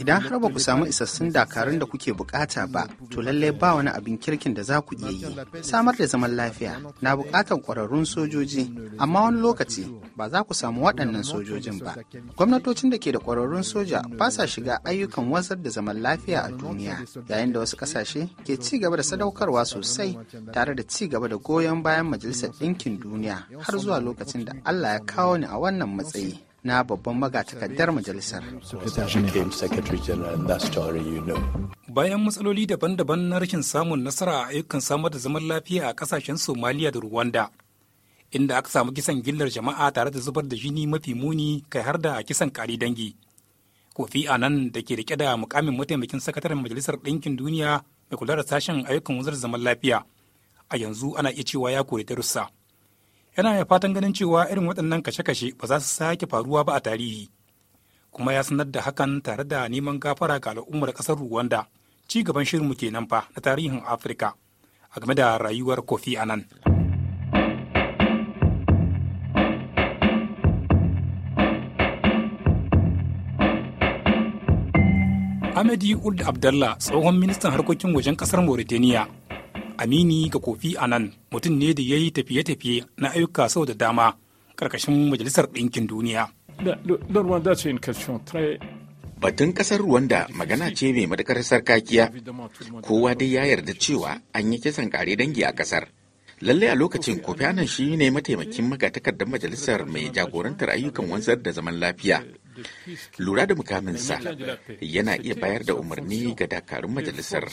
Idan har ba ku samu isassun dakarun da kuke bukata ba, to lallai ba wani abin kirkin da za ku iya yi. Samar da zaman lafiya na bukatar kwararrun sojoji, amma wani lokaci ba za ku samu waɗannan sojojin ba. Gwamnatocin da ke da kwararrun soja ba sa shiga ayyukan wazar da zaman lafiya a duniya, yayin da wasu ƙasashe ke ci gaba da sadaukarwa sosai tare da ci gaba da goyon bayan Majalisar Ɗinkin Duniya har zuwa lokacin da Allah ya kawo ni a wannan matsayi. na babban magatakardar majalisar. Bayan matsaloli daban-daban na rashin samun nasara a ayyukan samar da zaman lafiya a kasashen Somaliya da Rwanda, inda aka samu kisan gillar jama'a tare da zubar da jini mafi muni kai har da kisan kari dangi. Kofi nan da ke rike da mukamin mataimakin sakataren Majalisar Ɗinkin Duniya mai kula da sashen ayyukan wanzar zaman lafiya, a yanzu ana iya cewa ya kori darussa. yana mai fatan ganin cewa irin waɗannan kashe-kashe ba za su sake faruwa ba a tarihi kuma ya sanar da hakan tare da neman gafara ga al'ummar ƙasar ruwanda ci gaban shirin shirinmu kenan fa na tarihin afirka a game da rayuwar kofi a nan. Amadi Uld Abdallah tsohon ministan harkokin wajen kasar Mauritania amini ga kofi anan mutum ne da ya yi tafiye-tafiye na ayyuka sau da dama karkashin majalisar ɗinkin duniya batun ƙasar rwanda magana ce mai matuƙar sarkakiya kowa dai ya yarda cewa an yi kisan kare dangi a ƙasar lallai a lokacin kofi anan shi ne mataimakin magatakardar majalisar mai jagorantar ayyukan wanzar da zaman lafiya lura da mukaminsa yana iya bayar da umarni ga dakarun majalisar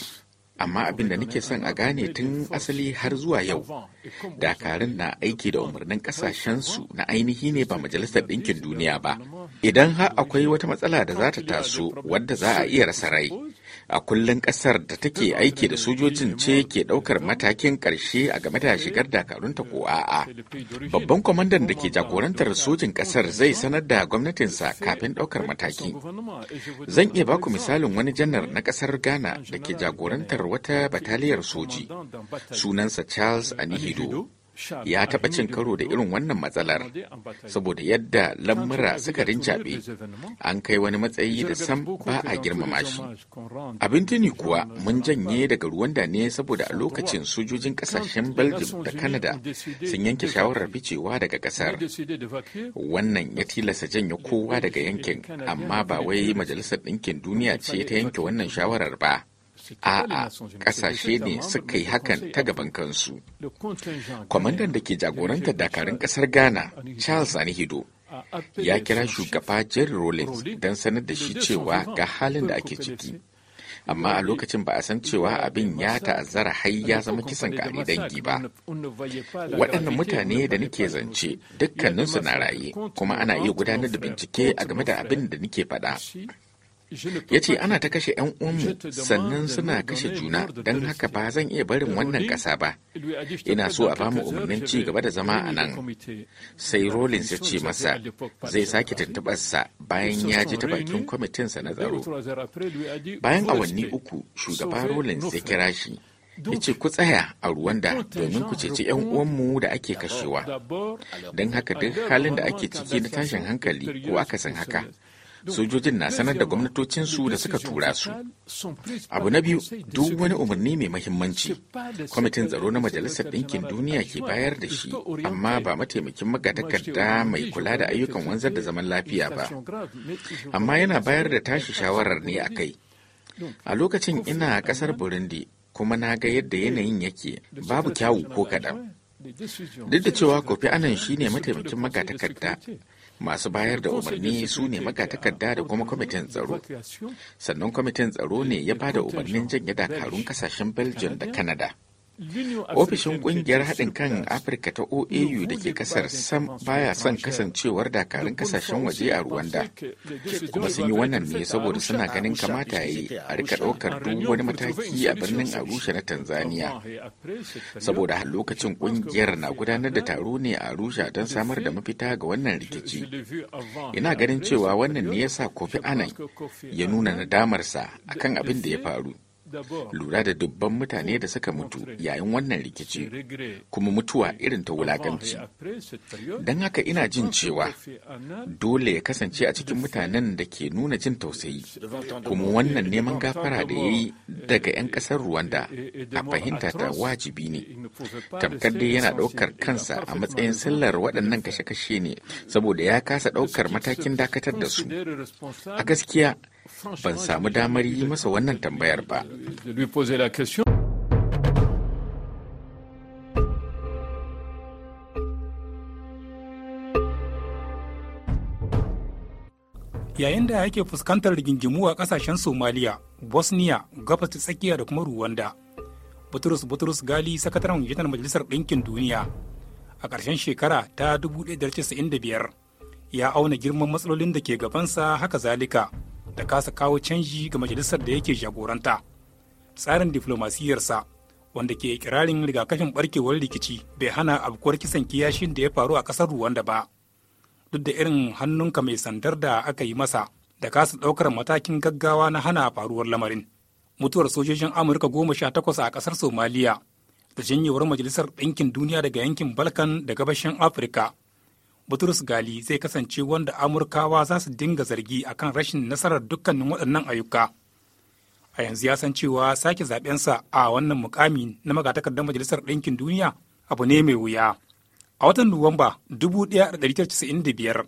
amma abin da nake son a gane tun asali har zuwa yau dakarun na aiki da umarnin kasashensu na ainihi ne ba majalisar ɗinkin duniya ba idan har akwai wata matsala da za ta taso wadda za a iya rasa rai a kullun kasar da take aiki da sojojin ce ke daukar matakin karshe a game da shigar dakarunta ko a'a babban kwamandan da ke jagorantar sojin kasar zai sanar da gwamnatinsa kafin daukar mataki zan iya baku misalin wani janar na kasar ghana da ke jagorantar wata bataliyar soji sunansa charles anihido ya taɓa cin karo da irin wannan matsalar saboda yadda lamura suka rincaɓe an kai wani matsayi da sam ba a girmama shi abin tuni kuwa mun janye daga ruwanda ne saboda a lokacin sojojin ƙasashen belgium da canada sun yanke shawarar ficewa daga ƙasar wannan ya tilasta janye kowa daga yankin amma ba wai majalisar ɗinkin duniya ce ta yanke wannan shawarar ba a'a ƙasashe ne suka yi hakan ta gaban kansu kwamandan da ke jagoranta dakarun ƙasar ghana charles zanihido ya kira shugaba jerry rollins don sanar da shi cewa ga halin da ake ciki amma a lokacin ba a san cewa abin ya ta'azzara har ya zama kisan kare dangi ba waɗannan mutane da nake zance dukkaninsu na raye kuma ana iya gudanar da bincike a game da abin da nake faɗa ya ce ana ta kashe 'yan uwanmu sannan suna kashe juna don haka ba zan iya barin wannan ƙasa ba ina so a bamu umarnin ci gaba da zama a nan sai rollins ya ce masa zai sake tuntuɓarsa bayan ya ji ta bakin kwamitinsa na tsaro bayan awanni uku shugaba rollins ya kira shi ya ce ku tsaya a ruwan da domin ku ceci 'yan uwanmu da ake kashewa. Don haka duk halin da ake ciki na tashin hankali ko aka san haka, sojojin na sanar da gwamnatocinsu da suka tura su abu na biyu duk wani umarni mai mahimmanci kwamitin tsaro na majalisar ɗinkin duniya ke bayar da shi amma ba mataimakin magatakarda mai kula da ayyukan wanzar da zaman lafiya ba amma yana bayar da tashi shawarar ne a kai a lokacin ina ƙasar burundi kuma na ga yadda yanayin yake babu kyawu ko kaɗan duk da cewa kofi anan shine mataimakin magatakarda masu bayar da umarni su ne magatakarda da kuma kwamitin tsaro sannan kwamitin tsaro ne ya ba da umarnin janye dakarun kasashen belgium da canada ofishin kungiyar haɗin kan afirka ta oau da ke kasar sam baya son kasancewar dakarun kasashen waje a ruwanda kuma sun yi wannan ne saboda suna ganin kamata ya yi a rika ɗaukar duk wani mataki a birnin arusha na tanzania saboda har lokacin kungiyar na gudanar da taro ne a arusha don samar da mafita ga wannan rikici ina ganin cewa wannan ne ya sa kofi anan ya nuna nadamarsa akan abin da ya faru lura da dubban mutane da suka mutu yayin wannan rikici kuma mutuwa irin ta wulakanci don haka ina jin cewa dole ya kasance a cikin mutanen da ke nuna jin tausayi kuma wannan neman gafara da ya yi daga 'yan ƙasar ruwanda a fahimta ta wajibi ne tamkar dai yana ɗaukar kansa a matsayin sallar waɗannan kashe-kashe ne saboda ya kasa ɗaukar matakin dakatar da su a gaskiya ban samu damar yi masa wannan tambayar ba yayin da yake fuskantar rigingimu a kasashen somaliya bosnia gabas ta tsakiya da kuma ruwanda butrus butrus gali sakataren yanar majalisar ɗinkin duniya a ƙarshen shekara ta 1995 ya auna girman matsalolin da ke gabansa haka zalika da kasa kawo canji ga majalisar da yake jagoranta tsarin diflomasiyarsa wanda ke kirarin rigakafin barkewar rikici bai hana abukuwar kisan kiyashin da ya faru a kasar ruwanda ba duk da irin hannunka mai sandar da aka yi masa da kasa ɗaukar matakin gaggawa na hana faruwar lamarin mutuwar sojojin amurka goma sha takwas a kasar somaliya da janyewar majalisar ɗinkin duniya daga yankin balkan da gabashin afirka Butrus Gali zai kasance wanda Amurkawa za su dinga zargi akan rashin nasarar dukkanin waɗannan ayyuka. A yanzu ya san cewa sake zaɓensa a wannan mukami na magatakardar Majalisar Ɗinkin Duniya abu ne mai wuya. A watan Nuwamba 1995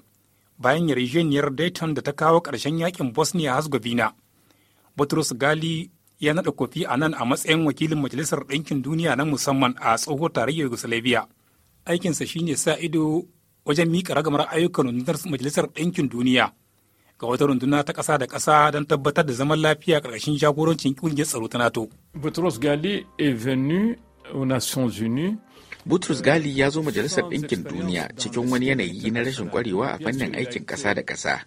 bayan yarjejeniyar Dayton da ta kawo ƙarshen yakin Bosnia-Herzegovina, Butrus Gali ya naɗa kofi a nan a matsayin wakilin Majalisar Ɗinkin Duniya na musamman a tsohuwar tarayyar Yugoslavia. Aikinsa shine sa ido wajen miƙa ragamar ayyukan rundunar majalisar ɗinkin duniya ga wata runduna ta ƙasa da ƙasa don tabbatar da zaman lafiya ƙarƙashin jagorancin ƙungiyar tsaro ta NATO. Boutros Ghali est Nations Unies Butrus Gali ya zo Majalisar Ɗinkin Duniya cikin wani yanayi na rashin kwarewa a fannin aikin ƙasa da ƙasa.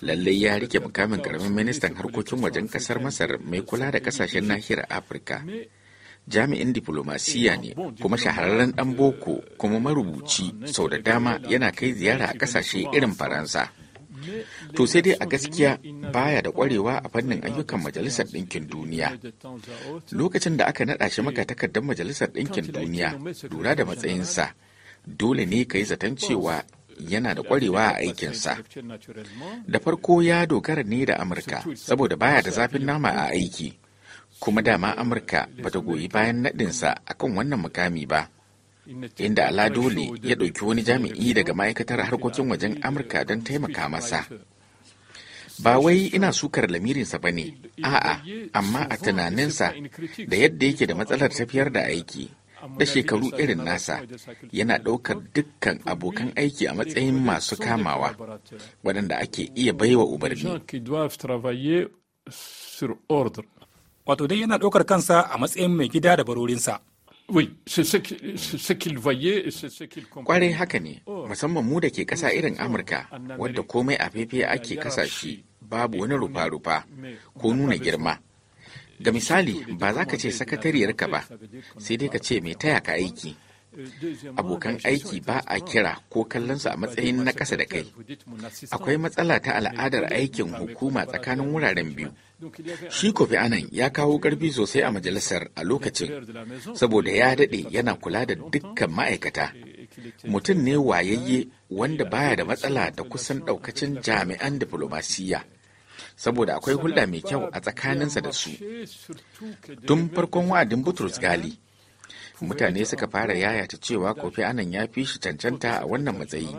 Lallai ya rike mukamin karamin ministan harkokin wajen ƙasar Masar mai kula da ƙasashen nahiyar Afirka. jami'in diplomasiya ne kuma shahararren dan boko kuma marubuci sau da dama yana kai ziyara a kasashe irin faransa to sai dai a gaskiya baya da kwarewa a fannin ayyukan majalisar ɗinkin duniya lokacin da aka naɗa shi maka takardar majalisar ɗinkin duniya lura da matsayinsa dole ne ka yi zaton cewa yana da kwarewa a aikinsa da farko ya dogara ne da amurka saboda baya da zafin nama a aiki kuma dama amurka ba ta goyi bayan naɗinsa akan wannan mukami ba inda ala dole ya ɗauki wani jami'i daga ma'aikatar harkokin wajen amurka don taimaka masa ba wai ina sukar lamirinsa ba ne a'a amma a tunaninsa da yadda yake da matsalar tafiyar da aiki da shekaru irin nasa yana ɗaukar dukkan abokan aiki a matsayin masu kamawa waɗanda ake iya baiwa ubarni. wato dai yana ɗaukar kansa a matsayin mai gida da barorinsa. Kwarai haka ne, oh. musamman mu da ke ƙasa irin Amurka, wadda komai a fefe ake kasashe babu wani rufa-rufa ko nuna girma. Ga misali, ba za ka ce sakatariyarka ba, sai dai ka ce mai taya ka aiki. abokan aiki ba a kira ko kallonsu a matsayin na ƙasa da kai akwai matsala ta al'adar aikin hukuma tsakanin wuraren biyu shi kofi anan ya kawo ƙarfi sosai a majalisar a lokacin saboda ya daɗe yana kula da dukkan ma'aikata mutum ne wayayye wanda baya da matsala da kusan ɗaukacin jami'an diflomasiyya saboda akwai hulɗa mai kyau a tsakaninsa da su tun farkon wa'adin butrus gali mutane suka fara yayata cewa kofi anan ya fi shi cancanta a wannan matsayi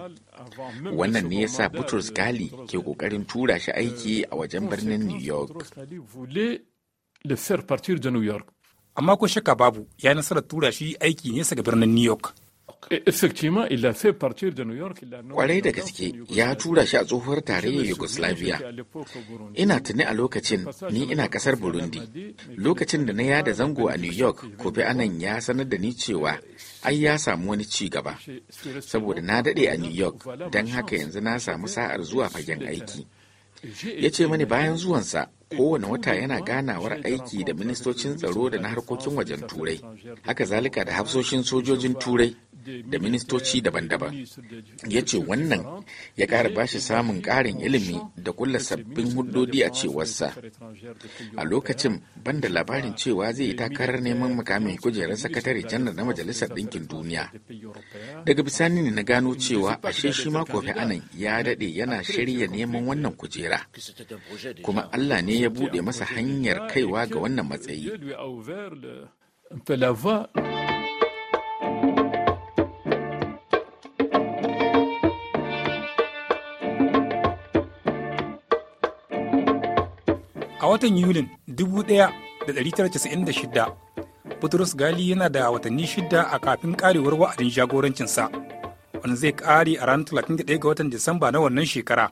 wannan ne ya sa Butrus Gali ke kokarin tura shi aiki a wajen birnin New York amma ko Shaka babu ya nasarar tura shi aiki nesa ga birnin New York E, e, e Kwarai da gaske ya tura shi a tsohuwar tarayyar Yugoslavia. Ina tuni a lokacin ni ina kasar Burundi. Lokacin da na yada zango a New York, Kofi Anan ya sanar da ni cewa ai ya samu wani ci gaba. Saboda na daɗe a New York, don haka yanzu na samu sa'ar zuwa fagen aiki. Ya ce mani bayan zuwansa kowane wata yana ganawar aiki da ministocin tsaro da na harkokin wajen turai haka zalika da hafsoshin sojojin turai da ministoci daban-daban ya ce wannan ya ƙara bashi samun karin ilimi da kulla sabbin hudodi a cewarsa a lokacin banda labarin cewa zai yi takarar neman makamin kujerar sakatare janar na majalisar ɗinkin duniya daga bisani ne na gano cewa ashe shi ma kofi anan ya daɗe yana shirya neman wannan kujera kuma allah ne ya buɗe masa hanyar kaiwa ga wannan matsayi a watan yulin 1996 Bitrus Gali yana da watanni shida a kafin karewar wa'adin jagorancinsa wanda zai kare a ranar 31 ga watan Disamba na wannan shekara.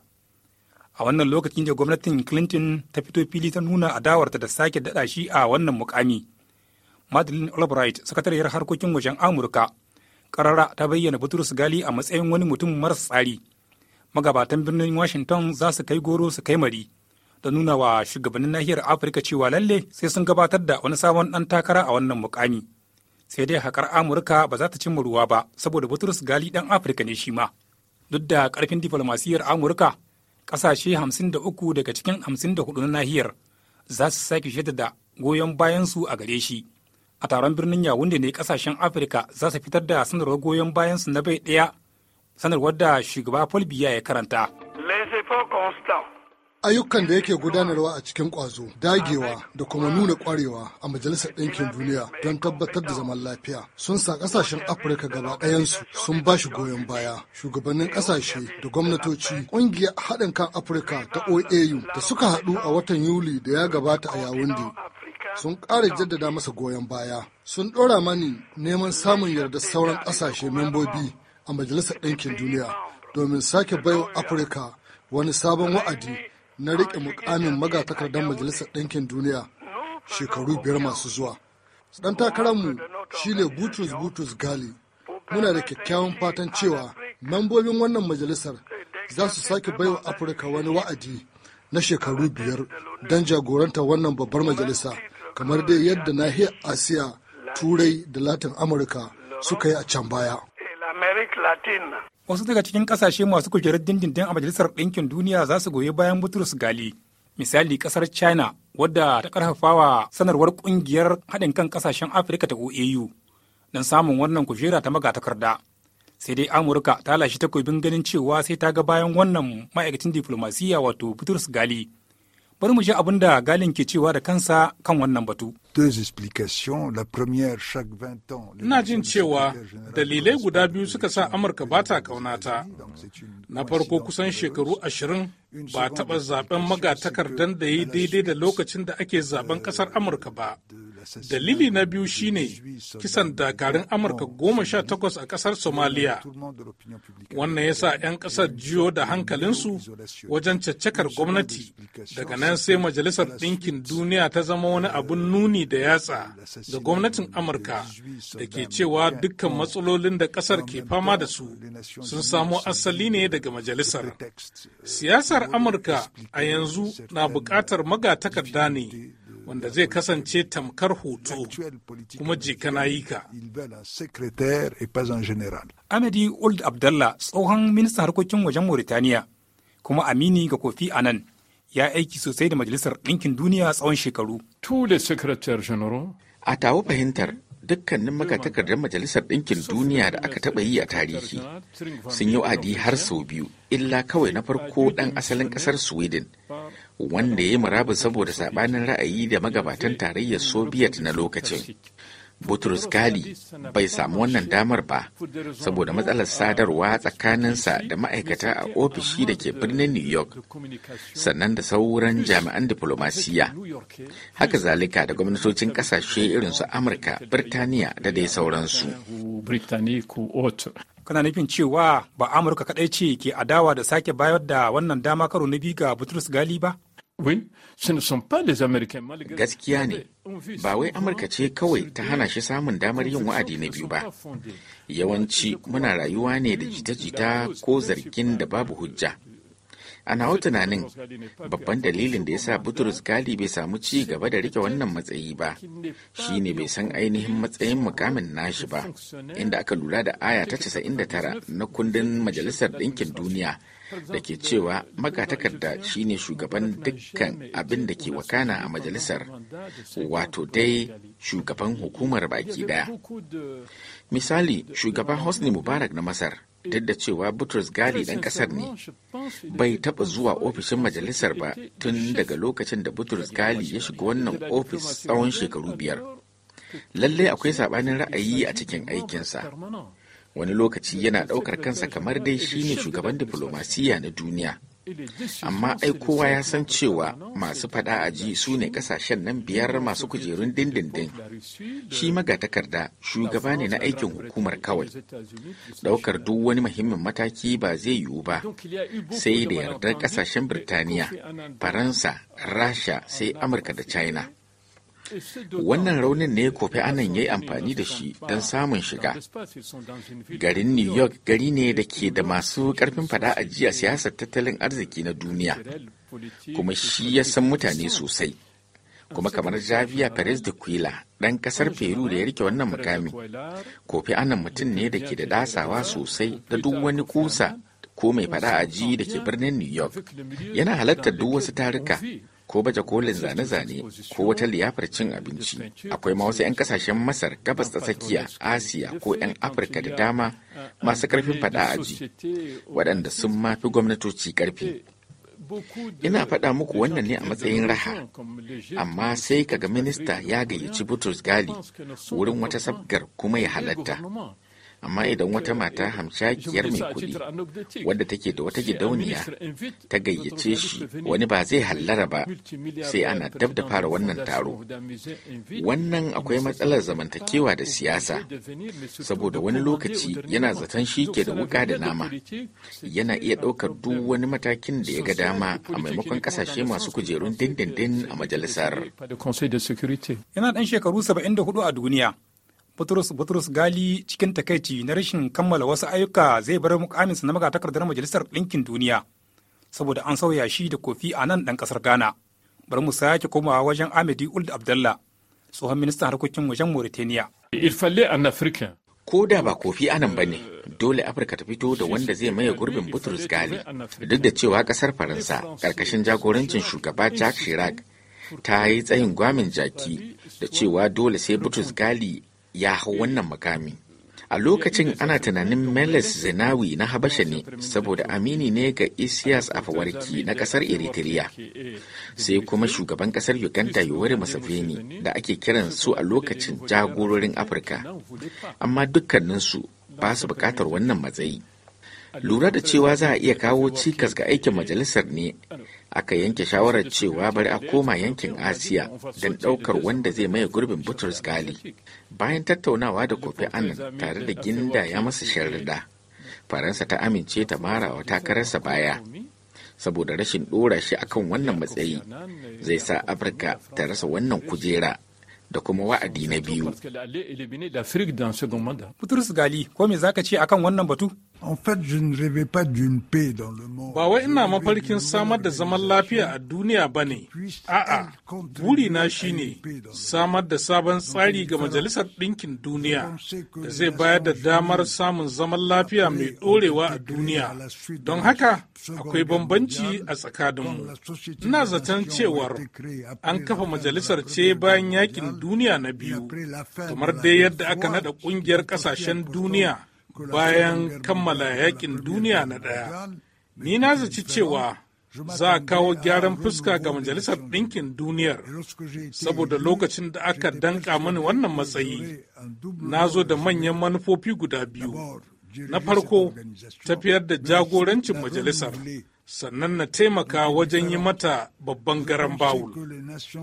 A wannan lokacin da gwamnatin Clinton ta fito fili ta nuna adawarta da sake dada shi a wannan mukami. madeline Albright, sakatariyar harkokin wajen Amurka, karara ta bayyana Bitrus Gali a matsayin wani mutum maras tsari. Magabatan birnin Washington za su kai goro su kai mari. da nuna wa shugabannin nahiyar afirka cewa lalle sai sun gabatar da wani sabon ɗan takara a wannan mukami sai dai hakar amurka ba za ta cimma ruwa ba saboda butrus gali ɗan afirka ne shi ma duk da karfin diflomasiyyar amurka ƙasashe 53 daga cikin 54 na nahiyar za su sake da goyon bayansu a gare shi a taron birnin yawunde ne ƙasashen afirka za su fitar da sanarwar goyon bayansu na bai ɗaya sanarwar da shugaba paul biya ya karanta. Les ayyukan da yake gudanarwa a cikin ƙwazo dagewa da kuma nuna ƙwarewa a majalisar ɗinkin duniya don tabbatar da zaman lafiya sun sa ƙasashen afirka gaba ɗayansu sun ba shi goyon baya shugabannin ƙasashe da gwamnatoci ƙungiyar haɗin kan afirka ta oau da suka haɗu a watan yuli da ya gabata a yawundi sun ƙara jaddada masa goyon baya sun ɗora mani neman samun yarda sauran ƙasashe membobi a majalisar ɗinkin duniya domin sake baiwa afirka wani sabon wa'adi na riƙe mukamin magatakardar majalisar ɗinkin duniya shekaru biyar masu zuwa. Ɗan takararmu shine Butus Butus Gali. Muna da kyakkyawan fatan cewa membobin wannan majalisar za su sake baiwa Afirka wani wa'adi na shekaru biyar don jagoranta wannan babbar majalisa kamar dai yadda nahiyar Asiya, Turai da Latin Amurka suka yi a can baya. talatin. Wasu daga cikin kasashe masu kujerar dindindin a Majalisar Ɗinkin Duniya za su goyi bayan Butrus Gali. Misali ƙasar China wadda ta ƙarfafawa sanarwar ƙungiyar haɗin kan ƙasashen Afirka ta OAU don samun wannan kujera ta magatakarda. Sai dai Amurka ta lashe takobin ganin cewa sai ta ga bayan wannan ma'aikacin diflomasiyya wato Butrus Gali. Bari mu ji abin da Galin ke cewa da kansa kan wannan batu. Ina jin cewa dalilai guda biyu suka sa Amurka ba ta kaunata. Na farko kusan shekaru ashirin ba taɓa zaben magatakardan da ya yi daidai da lokacin da ake zaben euh, ƙasar Amurka ba. Dalili na biyu shine kisan dakarun Amurka goma sha takwas a ƙasar Somaliya. Wannan ya sa 'yan ƙasar jiyo da hankalinsu wajen caccakar gwamnati. Daga nan sai Majalisar Ɗinkin Duniya ta zama wani abin nuni da yatsa ga gwamnatin Amurka da ke cewa dukkan matsalolin da ƙasar ke fama da su sun samo asali ne daga majalisar. Siyasar Amurka a yanzu na buƙatar magatakarda ne. wanda zai kasance tamkar hoto kuma jika na yi ka. Amadi Old Abdallah tsohon ministan harkokin wajen Mauritaniya kuma amini ga Kofi a nan ya aiki sosai da Majalisar Ɗinkin Duniya tsawon shekaru. A tawo fahimtar dukkanin magatakardar Majalisar Ɗinkin Duniya da aka taɓa yi a tarihi sun yi wa'adi har sau biyu, illa kawai na farko ɗan asalin ƙasar Sweden wanda ya yi murabus saboda sabanin ra'ayi da magabatan tarayyar soviet na lokacin Butrus Gali bai samu wannan damar ba saboda matsalar sadarwa tsakaninsa da ma'aikata a ofishi da ke birnin New York sannan da sauran jami'an diplomasiya. Haka zalika da gwamnatocin kasashe irin su Amurka, Birtaniya da dai sauransu. Kana nufin cewa ba Amurka kaɗai ce ke adawa da sake bayar da wannan dama karo na biyu ga Butrus Gali ba? Gaskiya ne, ba wai Amurka ce kawai ta hana shi samun damar yin wa'adi na biyu ba. Yawanci muna rayuwa ne da jita-jita ko zargin da babu hujja. a nawa tunanin babban dalilin da ya sa Butrus Gali bai samu ci gaba da rike wannan matsayi ba shine bai san ainihin matsayin mukamin nashi ba inda aka lura da aya ta 99 na kundin Majalisar Ɗinkin Duniya da ke cewa magatakarda shine shugaban dukkan abin da ke wakana a majalisar wato dai shugaban hukumar baki daya misali shugaban hosni mubarak na masar duk da cewa Butrus Gali ɗan ƙasar ne bai taɓa zuwa ofishin majalisar ba tun daga lokacin da Butrus Gali ya shiga wannan ofis tsawon shekaru biyar. Lallai akwai saɓanin ra'ayi a cikin aikinsa. Wani lokaci yana ɗaukar kansa kamar dai shine shugaban diflomasiyya na duniya. amma ai kowa ya san cewa masu fada a ji su ne kasashen nan biyar masu kujerun dindindin shi magatakarda shugaba ne na aikin hukumar kawai daukar duk wani muhimmin mataki ba zai yiwu ba sai da yardar kasashen birtaniya faransa rasha sai amurka da china wannan raunin ne kofi anan ya yi amfani da shi don samun shiga garin new york gari ne da ke da masu karfin fada a jiya siyasar tattalin arziki na duniya kuma shi ya san mutane sosai kuma kamar javier perez de quila ɗan ƙasar peru da ya rike wannan mukami kofi anan mutum ne da ke da dasawa sosai da duk wani kusa ko mai fada a ji da ke birnin new york yana halartar duk wasu taruka ko baje kolin zane-zane ko wata liyafar cin abinci akwai ma wasu 'yan kasashen masar gabas ta tsakiya asiya ko 'yan afirka da dama masu karfin fada ji, waɗanda sun mafi gwamnatoci karfi ina faɗa muku wannan ne a matsayin raha amma sai kaga minista ya gayyaci Butrus Gali wurin wata sabgar kuma ya halatta amma idan wata mata kiyar mai kuɗi wadda take da wata gidauniya ta gayyace shi wani ba zai hallara ba sai ana dab da fara wannan taro wannan akwai matsalar zamantakewa da siyasa saboda wani lokaci yana zaton shi ke da wuka da nama yana iya ɗaukar duk wani matakin da ya ga dama a maimakon ƙasashe masu kujerun dindindin a majalisar yana ɗan shekaru 74 a duniya Butrus Butrus Gali cikin takaici na rashin kammala wasu ayyuka zai bar mukaminsa na magatakardar Majalisar Ɗinkin Duniya saboda an sauya shi da kofi a nan ɗan ƙasar Ghana. Bari mu sake komawa wajen Ahmedi Uld Abdallah, tsohon ministan harkokin wajen Mauritania. Ifalle an Ko da ba kofi anan ba ne, dole Afirka ta fito da wanda zai maye gurbin Bitrus Gali, duk da cewa ƙasar Faransa, ƙarƙashin jagorancin shugaba Jacques Chirac, ta yi tsayin gwamin jaki da cewa dole sai Butrus Gali ya hau wannan makami. A lokacin ana tunanin Meles zinawi na Habasha ne saboda amini ne ga Isiyas Afawarki na ƙasar Eritrea. Sai kuma shugaban ƙasar Uganda Yoweri Museveni da ake kiran su a lokacin jagororin Afirka. Amma dukkaninsu ba su bukatar wannan matsayi. Lura da cewa za a iya kawo cikas ga aikin majalisar ne aka yanke shawarar cewa bari a koma yankin asiya don ɗaukar wanda zai maye gurbin butrus gali bayan tattaunawa da kofi annan tare da ginda ya masa sharrida faransa ta amince ta mara wa takararsa baya saboda rashin ɗora shi akan wannan matsayi zai sa afirka ta rasa wannan kujera da kuma wa'adi na biyu. Butrus Gali, ko me zaka ce akan wannan batu? Ba wai ina mafarkin samar da zaman lafiya a duniya ba ne, a'a, na shi ne samar da sabon tsari ga Majalisar Ɗinkin Duniya da zai bayar da damar samun zaman lafiya mai ɗorewa a duniya. Don haka, akwai bambanci a tsakaninmu. Ina zaton cewar an kafa majalisar ce bayan yakin duniya na biyu, kamar dai yadda aka naɗa ƙungiyar ƙasashen duniya. bayan kammala yakin duniya na ɗaya. Ni na zaci cewa za a kawo gyaran fuska ga Majalisar Ɗinkin Duniyar saboda lokacin da aka danka mani wannan matsayi na zo da manyan manufofi guda biyu. Na farko, tafiyar da jagorancin majalisar, sannan na taimaka wajen yi mata babban garan bawul.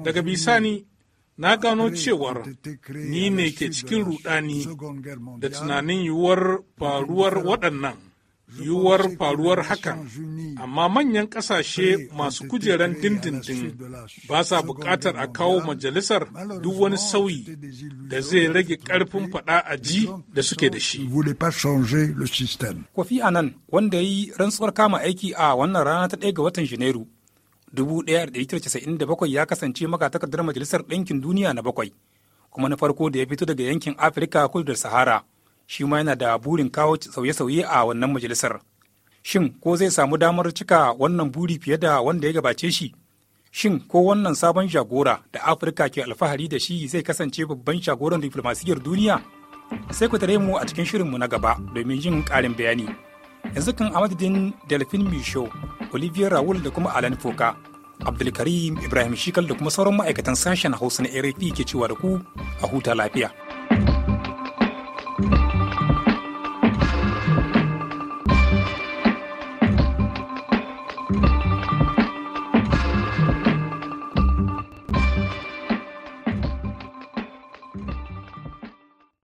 Daga bisani, na gano cewar ni ne ke cikin rudani da tunanin yiwuwar faruwar waɗannan yiwuwar faruwar hakan amma manyan ƙasashe masu kujeran dindindin ba sa buƙatar a kawo majalisar duk wani sauyi da zai rage ƙarfin faɗa a ji da suke da shi. Kofi Anan wanda ya yi rantsuwar kama aiki a wannan rana ta ɗaya ga watan Janairu 1997 ya kasance magatakardar Majalisar Ɗinkin Duniya na bakwai, kuma na farko da ya fito daga yankin Afirka kudu da Sahara, shi ma yana da burin kawo sauye-sauye a wannan majalisar. Shin ko zai samu damar cika wannan buri fiye da wanda ya gabace shi? Shin ko wannan sabon shagora da Afirka ke alfahari da shi zai kasance babban jagoran diflomasiyyar duniya? Sai ku tare mu a cikin shirinmu na gaba domin yin ƙarin bayani. yanzu kan a madadin delphine michaud olivier raoul da kuma alan foka abdulkarim ibrahim shikal da kuma sauran ma'aikatan sashen hausa na rfi ke cewa da ku a huta lafiya